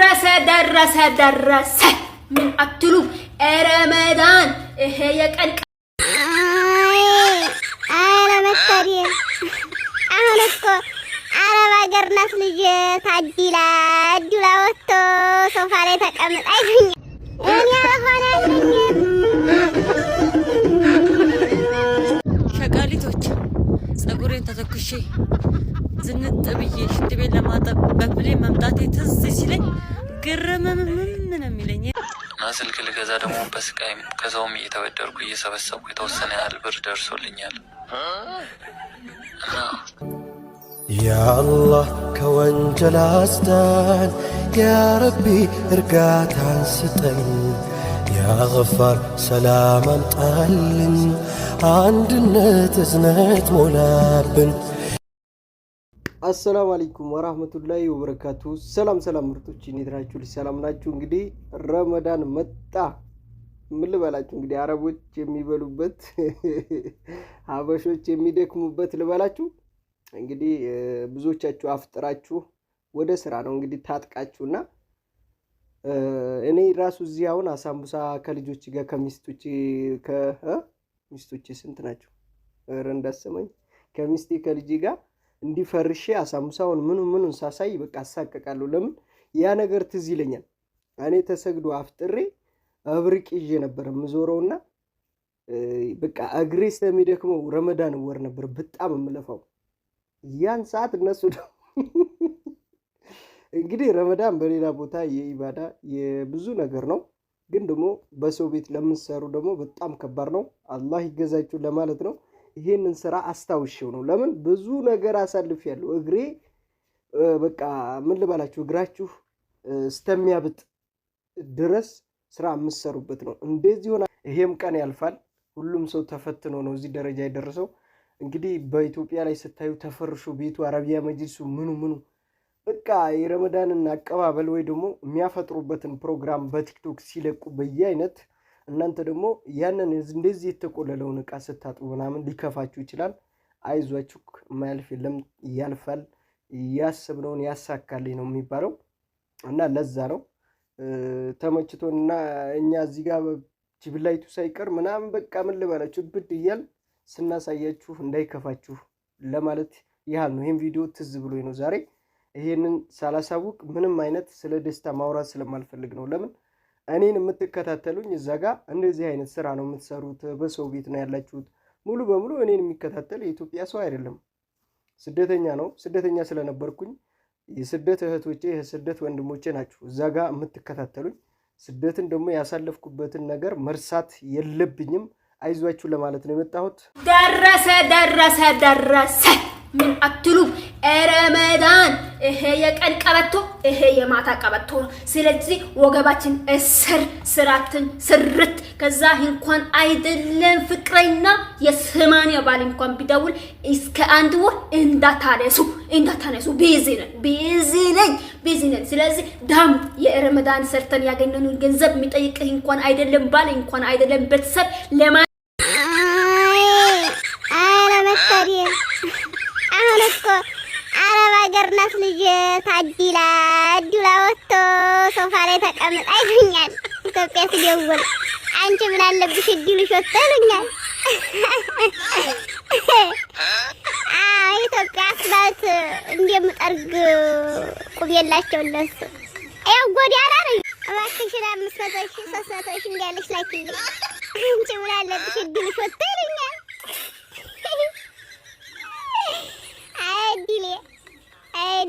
ደረሰ ደረሰ ደረሰ። ምን አትሉ ረመዳን ይሄ የቀን አለመታደል አሁን እኮ አረብ ሀገር ናት ልጅ ታዲላ አዲላ ወጥቶ ሶፋ ላይ ተቀምጣ ይገኛል። እኔ ሆነ ሸቃሊቶች ጸጉሬን ተተኩሼ ዝንጥ ብዬ ሽንት ቤት ለማጠብ በፕሌ መምጣቴ ትዝ ሲለኝ ግርምምም ነው የሚለኝ እና ስልክ ልገዛ ደግሞ በስቃይም ከሰውም እየተበደርኩ እየሰበሰብኩ የተወሰነ ያህል ብር ደርሶልኛል። ያአላህ ከወንጀል አስዳን፣ ያረቢ እርጋታን ስጠን፣ ያገፋር ሰላም አምጣልን፣ አንድነት እዝነት ሞላብን አሰላሙ አለይኩም ወራህመቱላሂ ወበረካቱ። ሰላም ሰላም ምርቶች እንዴት ናችሁ? ሰላም ናችሁ? እንግዲህ ረመዳን መጣ። ምን ልበላችሁ እንግዲህ አረቦች የሚበሉበት ሀበሾች የሚደክሙበት ልበላችሁ። እንግዲህ ብዙዎቻችሁ አፍጥራችሁ ወደ ስራ ነው እንግዲህ ታጥቃችሁና እኔ ራሱ እዚህ አሁን አሳምቡሳ ከልጆች ጋር ከሚስቶች ከሚስቶች ስንት ናቸው? ኧረ እንዳሰማኝ ከሚስቴ ከልጅ ጋር እንዲፈርሼ አሳምሳውን ምኑ ምኑን ሳሳይ በቃ አሳቀቃለሁ። ለምን ያ ነገር ትዝ ይለኛል። እኔ ተሰግዶ አፍጥሬ አብርቅ ይዤ ነበር የምዞረውና በቃ እግሬ ስለሚደክመው ረመዳን ወር ነበር በጣም የምለፋው። ያን ሰዓት እነሱ ነው እንግዲህ ረመዳን በሌላ ቦታ የኢባዳ የብዙ ነገር ነው፣ ግን ደግሞ በሰው ቤት ለምንሰሩ ደግሞ በጣም ከባድ ነው። አላህ ይገዛችሁ ለማለት ነው። ይህንን ስራ አስታውሼው ነው። ለምን ብዙ ነገር ያለው እግሬ በቃ ምን ልበላችሁ፣ እግራችሁ እስከሚያብጥ ድረስ ስራ የምትሰሩበት ነው። እንደዚህ ሆና ይሄም ቀን ያልፋል። ሁሉም ሰው ተፈትኖ ነው እዚህ ደረጃ የደረሰው። እንግዲህ በኢትዮጵያ ላይ ስታዩ ተፈርሾ ቤቱ አረቢያ መጅልሱ ምኑ ምኑ በቃ የረመዳንን አቀባበል ወይ ደግሞ የሚያፈጥሩበትን ፕሮግራም በቲክቶክ ሲለቁ በየአይነት እናንተ ደግሞ ያንን እንደዚህ የተቆለለውን እቃ ስታጡ ምናምን ሊከፋችሁ ይችላል። አይዟችሁ፣ ማያልፍ የለም ያልፋል፣ ያስብነውን ያሳካልኝ ነው የሚባለው እና ለዛ ነው ተመችቶን እና እኛ እዚህ ጋር ጅብላይቱ ሳይቀር ምናምን በቃ ምን ልበላችሁ ብድ እያል ስናሳያችሁ እንዳይከፋችሁ ለማለት ያህል ነው። ይህም ቪዲዮ ትዝ ብሎ ነው ዛሬ ይሄንን ሳላሳውቅ ምንም አይነት ስለ ደስታ ማውራት ስለማልፈልግ ነው። ለምን እኔን የምትከታተሉኝ እዛ ጋር እንደዚህ አይነት ስራ ነው የምትሰሩት፣ በሰው ቤት ነው ያላችሁት። ሙሉ በሙሉ እኔን የሚከታተል የኢትዮጵያ ሰው አይደለም፣ ስደተኛ ነው። ስደተኛ ስለነበርኩኝ የስደት እህቶቼ የስደት ወንድሞቼ ናችሁ እዛ ጋር የምትከታተሉኝ። ስደትን ደግሞ ያሳለፍኩበትን ነገር መርሳት የለብኝም። አይዟችሁ ለማለት ነው የመጣሁት። ደረሰ ደረሰ ደረሰ ምን አትሉም። ረመዳን ይሄ የቀን ቀበቶ፣ ይሄ የማታ ቀበቶ ነው። ስለዚህ ወገባችን እስር ስራትን ስርት ከዛ እንኳን አይደለም ፍቅረኛ የሰማንያ ባል እንኳን ቢደውል እስከ አንድ ወር እንዳታነሱ እንዳታነሱ። ቢዚ ነን ቢዚ ነኝ ቢዚ ነን። ስለዚህ ዳም የረመዳን ሰርተን ያገኘነውን ገንዘብ የሚጠይቅህ እንኳን አይደለም ባል እንኳን አይደለም ቤተሰብ ለማ ታናሽ ልጅ ታዲላ ዱላ ወጥቶ ሶፋ ላይ ተቀምጣ ይሉኛል። ኢትዮጵያ ስደውል አንቺ ምን አለብሽ እድልሽ ወጥቶ ይሉኛል። ኢትዮጵያ አስባት እንደምጠርግ ቁብ የላቸው ለሱ ያው ጎዳና ነኝ። እባክሽን አምስት መቶ ሺህ ሶስት መቶ ሺህ እንዳለሽ ላኪልኝ። አንቺ ምን አለብሽ እድልሽ ወጥቶ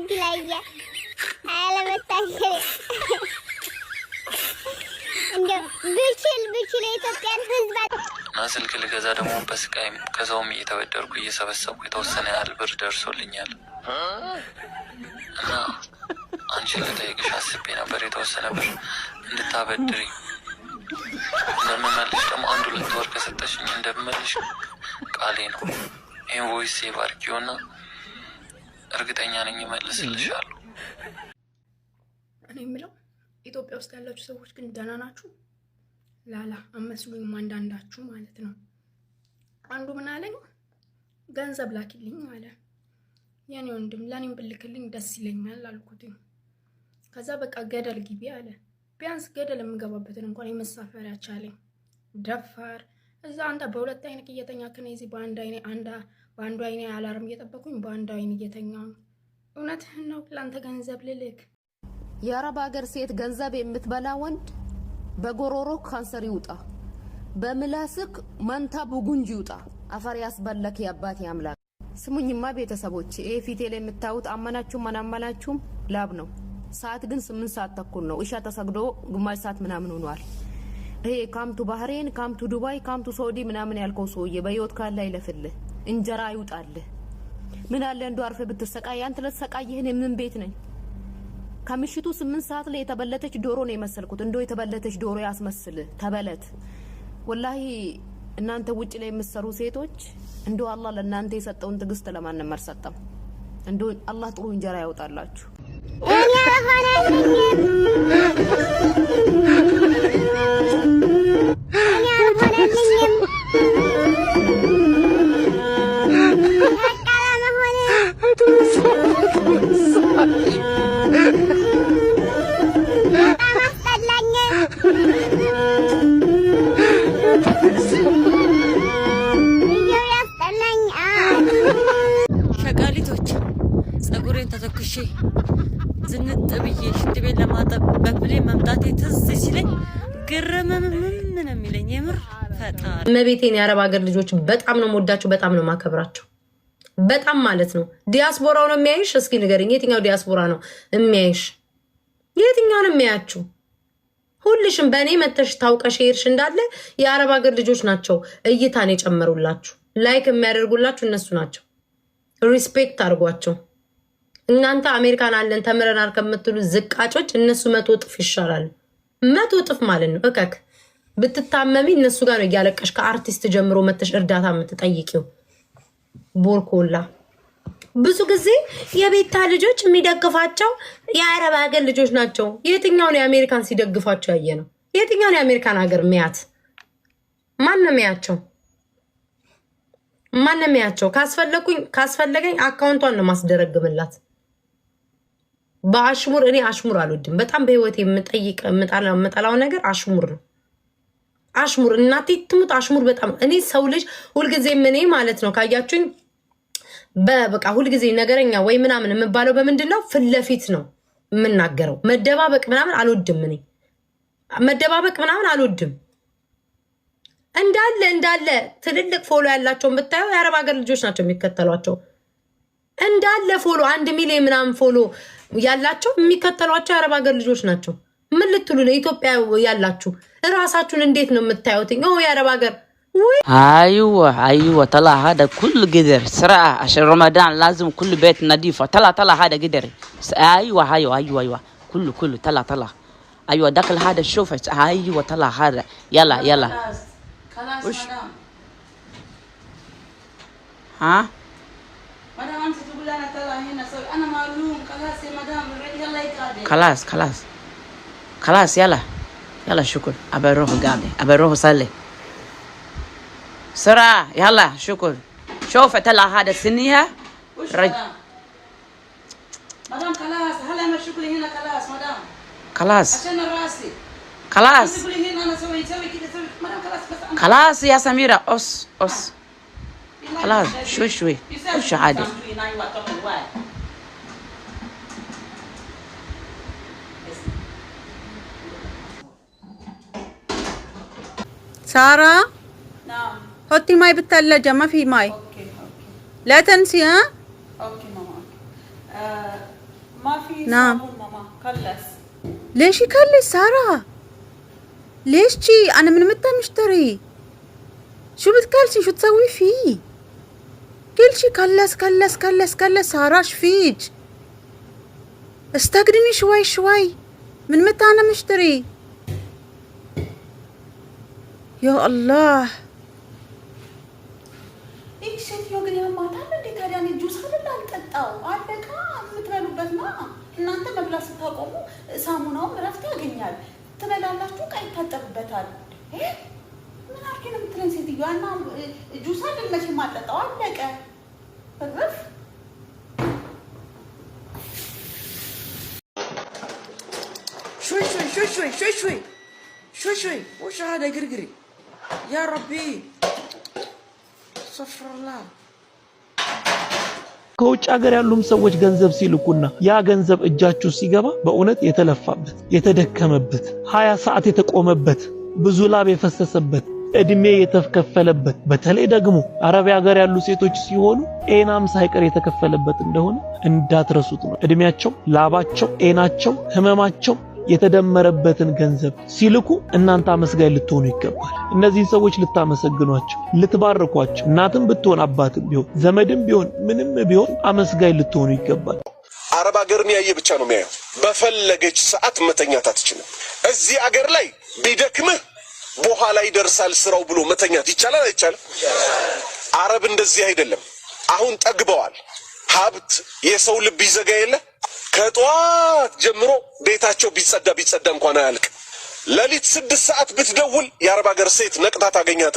ተገላገለ አለመታገል እንደው ብችል ብችል የኢትዮጵያን ሕዝብ እና ስልክ ልገዛ ደግሞ በስቃይም ከሰውም እየተበደርኩ እየሰበሰብኩ የተወሰነ ያህል ብር ደርሶልኛል እና አንቺን ልጠይቅሽ አስቤ ነበር የተወሰነ ብር እንድታበድሪኝ እንደምመልሽ ደግሞ አንድ ሁለት ወር ከሰጠሽኝ እንደምመልሽ ቃሌ ነው። ይህን ቮይስ ሴቭ አድርጊውና እርግጠኛ ነኝ እመልስልሻለሁ። እኔ የምለው ኢትዮጵያ ውስጥ ያላችሁ ሰዎች ግን ደህና ናችሁ? ላላ አመስሉኝም፣ አንዳንዳችሁ ማለት ነው። አንዱ ምን አለኝ፣ ገንዘብ ላኪልኝ አለ። የኔ ወንድም ለእኔም ብልክልኝ ደስ ይለኛል አልኩትኝ። ከዛ በቃ ገደል ግቢ አለ። ቢያንስ ገደል የምገባበትን እንኳን የመሳፈሪያ ቻለኝ። ደፋር እዛ አንተ በሁለት አይነት እየተኛክነ ዚህ በአንድ አይነ አንድ በአንዱ አይኔ አላርም እየጠበቁኝ በአንዱ አይን እየተኛው ነው። እውነትህን ነው ለአንተ ገንዘብ ልልክ። የአረብ ሀገር ሴት ገንዘብ የምትበላ ወንድ በጎሮሮ ካንሰር ይውጣ፣ በምላስክ መንታ ቡጉንጅ ይውጣ። አፈር ያስበለክ የአባቴ አምላክ። ስሙኝማ ቤተሰቦች፣ ይሄ ፊቴ ላይ የምታዩት አመናችሁም አናመናችሁም ላብ ነው። ሰዓት ግን ስምንት ሰዓት ተኩል ነው። እሻ ተሰግዶ ግማሽ ሰዓት ምናምን ሆኗል። ይሄ ካምቱ ባህሬን፣ ካምቱ ዱባይ፣ ካምቱ ሳውዲ ምናምን ያልከው ሰውዬ በህይወት ካለ አይለፍልህ። እንጀራ ይውጣልህ። ምን አለ እንደው አርፈህ ብትሰቃይ። አንተ ለተሰቃየህ እኔ ምን ቤት ነኝ? ከምሽቱ ስምንት ሰዓት ላይ የተበለተች ዶሮ ነው የመሰልኩት። እንደው የተበለተች ዶሮ ያስመስል ተበለት። ወላሂ እናንተ ውጭ ላይ የምትሰሩ ሴቶች እንደው አላህ ለእናንተ የሰጠውን ትዕግስት ለማንም አልሰጠም። እንደው አላህ ጥሩ እንጀራ ያውጣላችሁ። እመቤቴን የአረብ ሀገር ልጆች በጣም ነው የምወዳቸው፣ በጣም ነው የማከብራቸው። በጣም ማለት ነው። ዲያስፖራው ነው የሚያይሽ? እስኪ ንገርኝ፣ የትኛው ዲያስፖራ ነው የሚያይሽ? የትኛው ነው የሚያያችሁ? ሁልሽም በእኔ መተሽ ታውቀሽ ሄድሽ እንዳለ የአረብ ሀገር ልጆች ናቸው እይታን የጨመሩላችሁ፣ ላይክ የሚያደርጉላችሁ እነሱ ናቸው። ሪስፔክት አድርጓቸው። እናንተ አሜሪካን አለን ተምረናል ከምትሉ ዝቃጮች እነሱ መቶ እጥፍ ይሻላል። መቶ እጥፍ ማለት ነው እከክ ብትታመሚ እነሱ ጋር ነው እያለቀሽ ከአርቲስት ጀምሮ መተሽ እርዳታ የምትጠይቂው። ቦርኮላ ብዙ ጊዜ የቤታ ልጆች የሚደግፋቸው የአረብ ሀገር ልጆች ናቸው። የትኛውን የአሜሪካን ሲደግፋቸው ያየ ነው? የትኛውን የአሜሪካን ሀገር ሚያት ማንም ያቸው ማንም ያቸው። ካስፈለኩኝ ካስፈለገኝ አካውንቷን ነው ማስደረግምላት። በአሽሙር እኔ አሽሙር አልወድም። በጣም በህይወት የምጠይቅ የምጠላው ነገር አሽሙር ነው። አሽሙር እናቴ ትሙት አሽሙር በጣም እኔ ሰው ልጅ ሁልጊዜም እኔ ማለት ነው ካያችሁኝ በበቃ ሁልጊዜ ነገረኛ ወይ ምናምን የምባለው በምንድን ነው ፊት ለፊት ነው የምናገረው። መደባበቅ ምናምን አልወድም እኔ መደባበቅ ምናምን አልወድም። እንዳለ እንዳለ ትልልቅ ፎሎ ያላቸውን ብታየው የአረብ ሀገር ልጆች ናቸው የሚከተሏቸው እንዳለ ፎሎ አንድ ሚሊዮን ምናምን ፎሎ ያላቸው የሚከተሏቸው የአረብ ሀገር ልጆች ናቸው። ምን ልትሉ ነው ኢትዮጵያ ያላችሁ እራሳችሁን እንዴት ነው የምታዩት? የአረብ ሀገር ايوه ايوه طلع هذا كل قدر سرعه عشان رمضان لازم كل بيت نظيفه طلع طلع هذا قدر ايوه ايوه ايوه ايوه كله كله طلع طلع ايوه دخل هذا شوف ايوه طلع هذا يلا يلا خلاص خلاص وش؟ مدام ها خلاص خلاص خلاص يلا يلا شكر ابى اروح قاعده ابى اروح اصلي سرعة يلا شكر شوف طلع هذا سنيها رج... مدام خلاص هلا ما شكر هنا خلاص مدام خلاص عشان راسي خلاص خلاص يا سميرة قص قص خلاص شوي شوي خش عادي سارة نعم حطي ماي بالثلاجة ما في ماي أوكي أوكي لا تنسي ها أوكي ماما أوكي آه ما في نعم ماما كلس ليش يكلس سارة ليش تشي أنا من متى مشتري شو بتكلسي شو تسوي فيه كل شي كلس كلس كلس كلس سارة شفيج استقدمي شوي شوي من متى أنا مشتري ያ አላህ ይህ ሴትዮ ግን ያማታል እንዴ? ታዲያ እኔ ጁስ አይደል አልጠጣው አለቃ የምትበሉበት ና እናንተ መብላ ስታቆሙ ሳሙናውም እረፍት ያገኛል። ትበላላችሁ፣ ዕቃ ይታጠብበታል። ምን አርኪ ነው የምትለን ሴትዮ? እና ጁስ አይደል መቼም አልጠጣው አለቀ እርፍ ሹይ ሹይ ሹይ ሹይ ሹይ ሹይ ሹይ ውሻ ደግርግሪ Ya Rabbi ሰፍራላ ከውጭ ሀገር ያሉም ሰዎች ገንዘብ ሲልኩና ያ ገንዘብ እጃችሁ ሲገባ በእውነት የተለፋበት የተደከመበት ሀያ ሰዓት የተቆመበት ብዙ ላብ የፈሰሰበት እድሜ የተከፈለበት በተለይ ደግሞ አረብ ሀገር ያሉ ሴቶች ሲሆኑ ኤናም ሳይቀር የተከፈለበት እንደሆነ እንዳትረሱት ነው። እድሜያቸው፣ ላባቸው፣ ኤናቸው፣ ህመማቸው የተደመረበትን ገንዘብ ሲልኩ እናንተ አመስጋኝ ልትሆኑ ይገባል። እነዚህን ሰዎች ልታመሰግኗቸው፣ ልትባርኳቸው እናትም ብትሆን አባትም ቢሆን ዘመድም ቢሆን ምንም ቢሆን አመስጋኝ ልትሆኑ ይገባል። አረብ ሀገርን ያየ ብቻ ነው የሚያየው። በፈለገች ሰዓት መተኛት አትችልም። እዚህ አገር ላይ ቢደክምህ በኋላ ይደርሳል ስራው ብሎ መተኛት ይቻላል አይቻልም? አረብ እንደዚህ አይደለም። አሁን ጠግበዋል። ሀብት የሰው ልብ ይዘጋ የለ ከጠዋት ጀምሮ ቤታቸው ቢጸዳ ቢጸዳ እንኳን አያልቅ። ሌሊት ስድስት ሰዓት ብትደውል የአረብ ሀገር ሴት ነቅታ ታገኛታል።